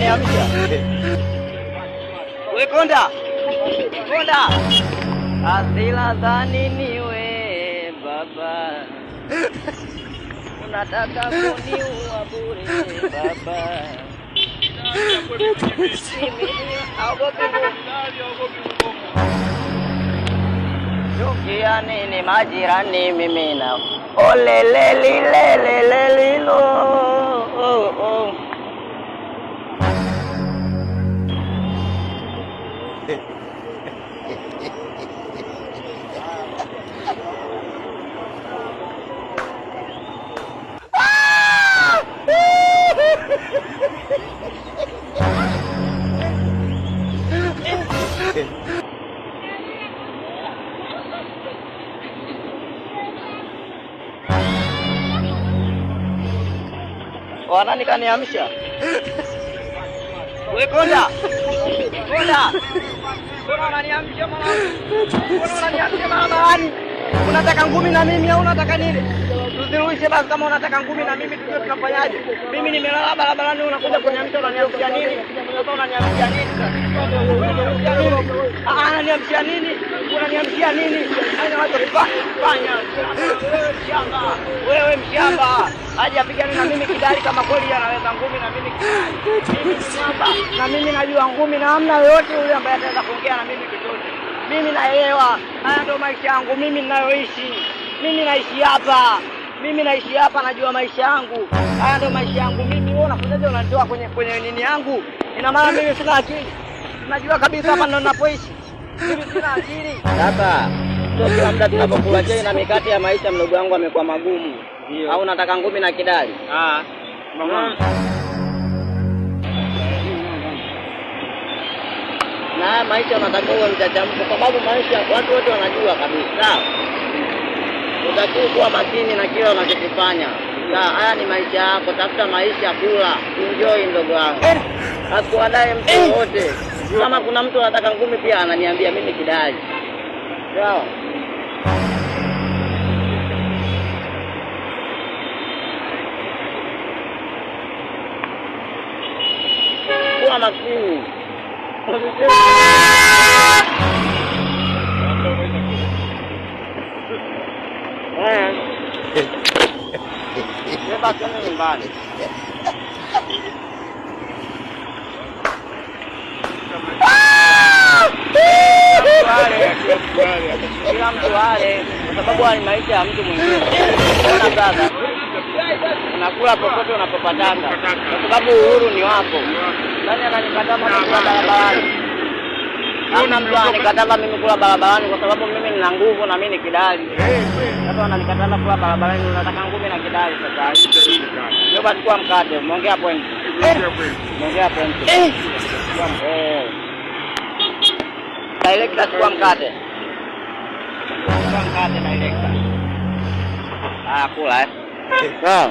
ananiamsha. We konda konda, asila dhani ni we baba, unataka kuniua bure baba. Chukia nini majirani mimi na olelelilelelelilo Wanani kaniamsha wekonda Unataka ngumi na mimi au unataka nini? Tuziruishe basi, kama unataka ngumi na mimi tujue tunafanyaje. Mimi nimelala barabarani, unakuja kuniamsha, unaniamshia nini? Unaniamshia nini? Unaniamshia nini? unachokifanya. Wewe mshamba, wewe mshamba, aje apigane na mimi kidari, kama kweli anaweza ngumi na mimi mshamba na mimi najua ngumi, na hamna yoyote yule ambaye ataweza kuongea na mimi chochote. Mimi naelewa, haya ndio maisha yangu mimi ninayoishi. Mimi naishi hapa mimi naishi hapa, najua maisha yangu. Haya ndio maisha yangu mimi. Wewe unafanyaje? Unanitoa kwenye kwenye nini yangu? Ina maana mimi sina akili? Najua kabisa hapa ndio ninapoishi mimi, sina akili baba. Toki labda tunapokuwa chai na mikate ya maisha, mdogo wangu amekuwa magumu. Au nataka ngumi na kidali? Ah. Mama. Na maisha unatakiwa uwe mchachamko, kwa sababu maisha watu wote wanajua kabisa. Utakiwa kuwa makini na kile unachokifanya. Haya ni maisha yako, tafuta maisha, kula, enjoy ndogo wangu. Asikuadae mtu wote. Kama kuna mtu anataka ngumi pia ananiambia mimi kidali. Sawa. maskini nyumbani kila mtu ale kwa sababu ni maisha ya mtu mwingine. Ona sasa, unakula popote unapopataka, kwa sababu uhuru ni wako yaani ananikatama kula barabarani, yaani hamna mtu anikatama mimi kula barabarani kwa sababu mimi nina nguvu na mimi ni kidali. Sasa wananikatama kula barabarani, unataka ngumi na kidali sasa Ndio basi, kwa mkate umeongea point, umeongea point eh. Director, chukua mkate, chukua mkate director. Ah, kula eh. eh. Sawa.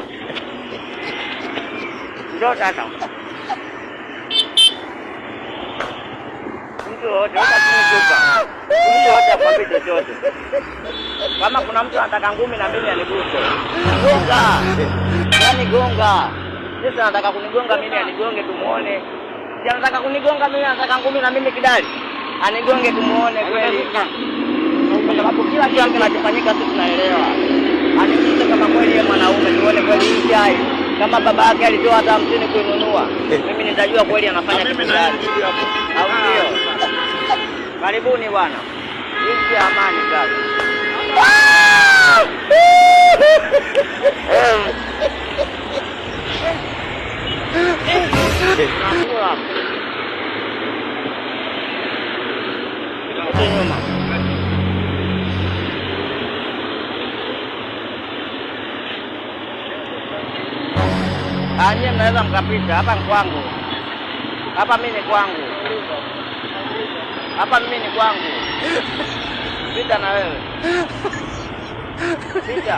Ndio sasa. mtu yoyote, mtu yoyote akwambie chochote. Kama kuna mtu anataka ngumi na mimi aniguse, gonga yani gonga. Sasa anataka kunigonga mimi anigonge, tumuone. Si anataka kunigonga mimi, anataka ngumi na mimi kidali, anigonge tumuone kweli, kwa sababu kila kitu kinachofanyika sisi tunaelewa. Anikuze kama kweli yeye mwanaume, tuone kweli hii hai kama baba yake alitoa hata hamsini kuinunua, mimi nitajua kweli anafanya kitu gani, au sio? Karibuni bwana. Nchi ya amani gaza. Anye mnaweza mkapita hapa, ni kwangu hapa, mimi ni kwangu. Hapa mimi ni kwangu. Pita na wewe. Pita.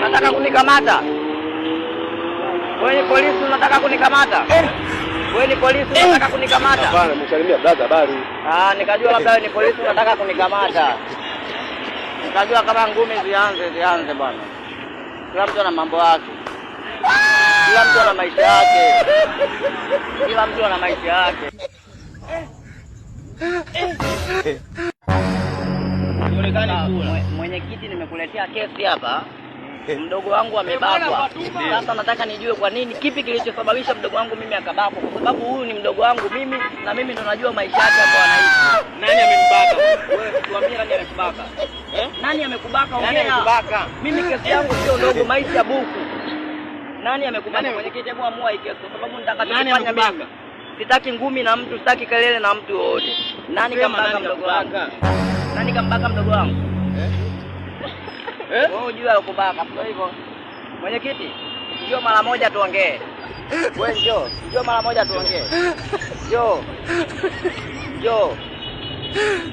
Nataka kunikamata. Wewe polisi unataka kunikamata? Wewe ni polisi unataka kunikamata? Hapana, nimsalimia brother habari. Ah, nikajua labda wewe ni polisi unataka kunikamata. Nikajua kama ngumi zianze zianze bwana. Kila mtu ana mambo yake. Kila mtu ana maisha yake. Kila mtu ana maisha yake. Mwenyekiti, nimekuletea kesi hapa. Eh. mdogo wangu amebakwa. Eh, Sasa nataka nijue kwa nini, kipi kilichosababisha mdogo wangu mimi akabakwa, kwa sababu huyu ni mdogo wangu mimi na mimi ndo najua maisha yake hapo anaishi. Nani amembaka wewe? Tuambie nani amekubaka eh? Nani amekubaka? Nani amekubaka? Mimi kesi yangu sio ndogo, maisha buku. Nani amekubaka? kiti hebu amua hii kesi, kwa sababu nitakachofanya mimi sitaki ngumi na mtu, sitaki kelele na mtu yoyote. Nani kambaka mdogo wangu? Nani kambaka mdogo wangu eh? Eh? Wewe unajua ukubaka sio hivyo. Mwenyekiti, njoo mara moja tuongee. Wewe njoo, njoo mara moja tuongee. Njoo. Njoo.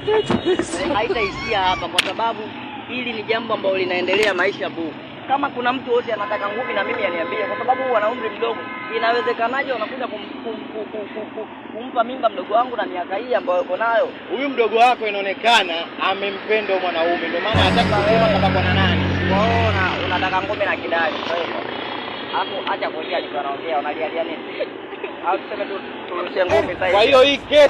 Yaani, Haitaishia hapa kwa sababu hili ni jambo ambalo linaendelea maisha bubu kama kuna mtu wote anataka ngumi na mimi aniambie, kwa sababu wana umri mdogo. Inawezekanaje wanakuja kumpa mimba mdogo wangu na miaka hii ambayo uko nayo? Huyu mdogo wako inaonekana amempenda mwanaume, ndio maana hataki kusema kama kwa nani. Unaona, unataka ngumi na kidali, hapo acha kulia, niko naongea, nini? Kwa hiyo ah, hii kesi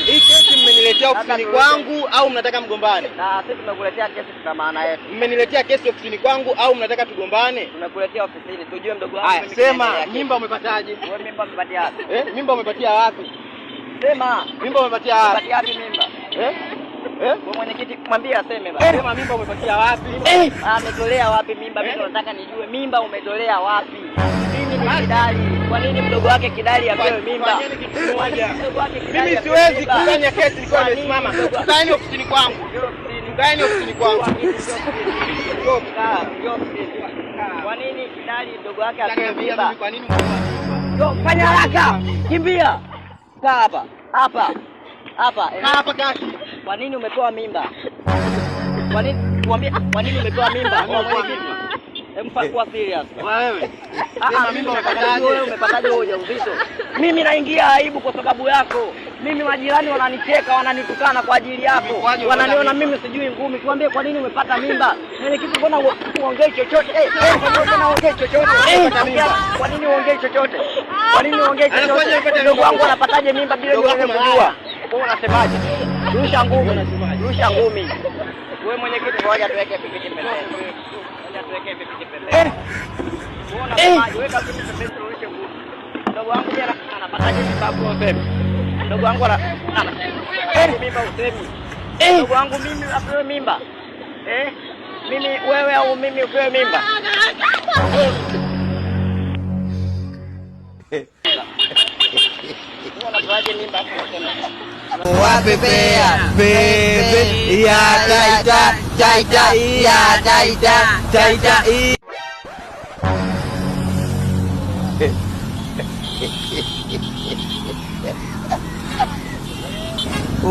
hii kesi mmeniletea ofisini kwangu au mnataka mgombane? Na sisi tumekuletea kesi kwa maana yetu. Mmeniletea kesi ofisini kwangu au mnataka tugombane? Tumekuletea ofisini tujue mdogo wangu. Haya, sema mimba umepataje? Wewe mimba umepatia wapi? Eh, mimba umepatia wapi? Sema mimba umepatia wapi? Umepatia wapi mimba? Eh? Eh? mwenyekiti mwambie aseme basi. Eh. Sema mimba umetokea wapi? Eh. Ametolea wapi mimba? Mimi nataka nijue mimba umetolea wapi? Mimi ni kidali. Kwa nini mdogo wake kidali apewe mimba? Mimi siwezi kufanya kesi nilikuwa nimesimama. Ndani ofisini kwangu. Ndani ofisini kwangu. Kwa nini kidali mdogo wake apewe mimba? Kwa nini? Fanya haraka. Kimbia. Kaa hapa. Hapa. Hapa. Kaa hapa kashi. Kwa nini umepewa mimba? Kwa nini tuambie, kwa nini umepewa mimba? Mpa serious. Wewe. Ah, ah mimba umepataje? Wewe umepataje ujauzito? Mimi naingia aibu kwa sababu yako. Mimi majirani wananicheka, wananitukana kwa ajili yako. Wananiona mimi sijui ngumi. Tuambie kwa nini umepata mimba? Nini yaani kitu mbona uongee chochote? Eh, eh mbona ah! eh, chochote? Kwa nini uongee yaani chochote? Kwa nini uongee chochote? Ndugu wangu anapataje mimba bila kujua? Wewe unasemaje? Rusha ngumi, rusha ngumi. Wewe mwenyekiti, ngoja tuweke pikiti pembeni. Ngoja tuweke pikiti pembeni. Eh. Unaona, eh. weka pikiti pembeni, rusha ngumi. Ndugu wangu jana anapataje sababu ya usemi? Ndugu wangu ana eh. mimba usemi. Ndugu wangu mimi apewe mimba. Eh? Mimi wewe au mimi upewe mimba? Unatoaje mimba hapo? yeah, pe pe ya pe pe ya da da da da ya da da da da.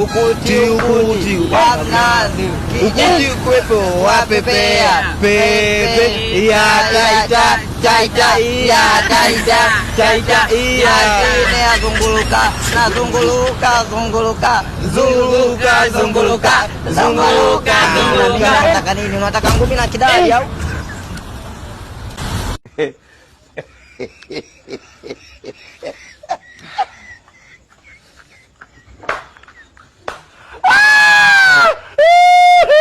ukuti ukuti wanazi ukuti kwepo wapepea pepe ya taita taita ya taita taita ya ine zunguluka na zunguluka zunguluka zunguluka zunguluka zunguluka zunguluka nataka nini unataka ngumi na kidali au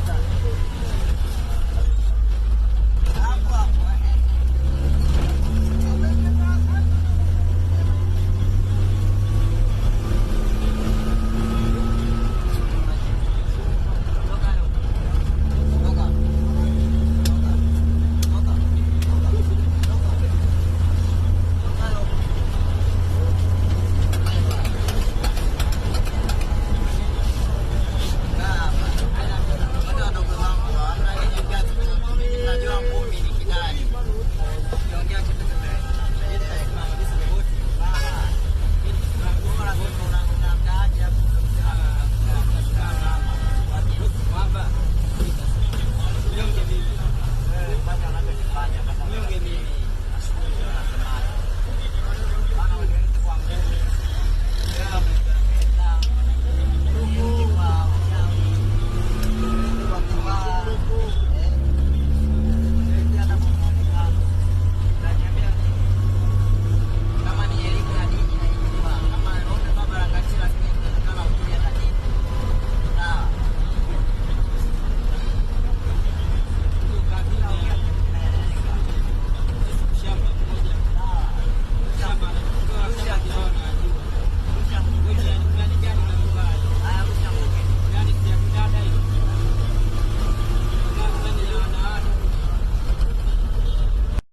方。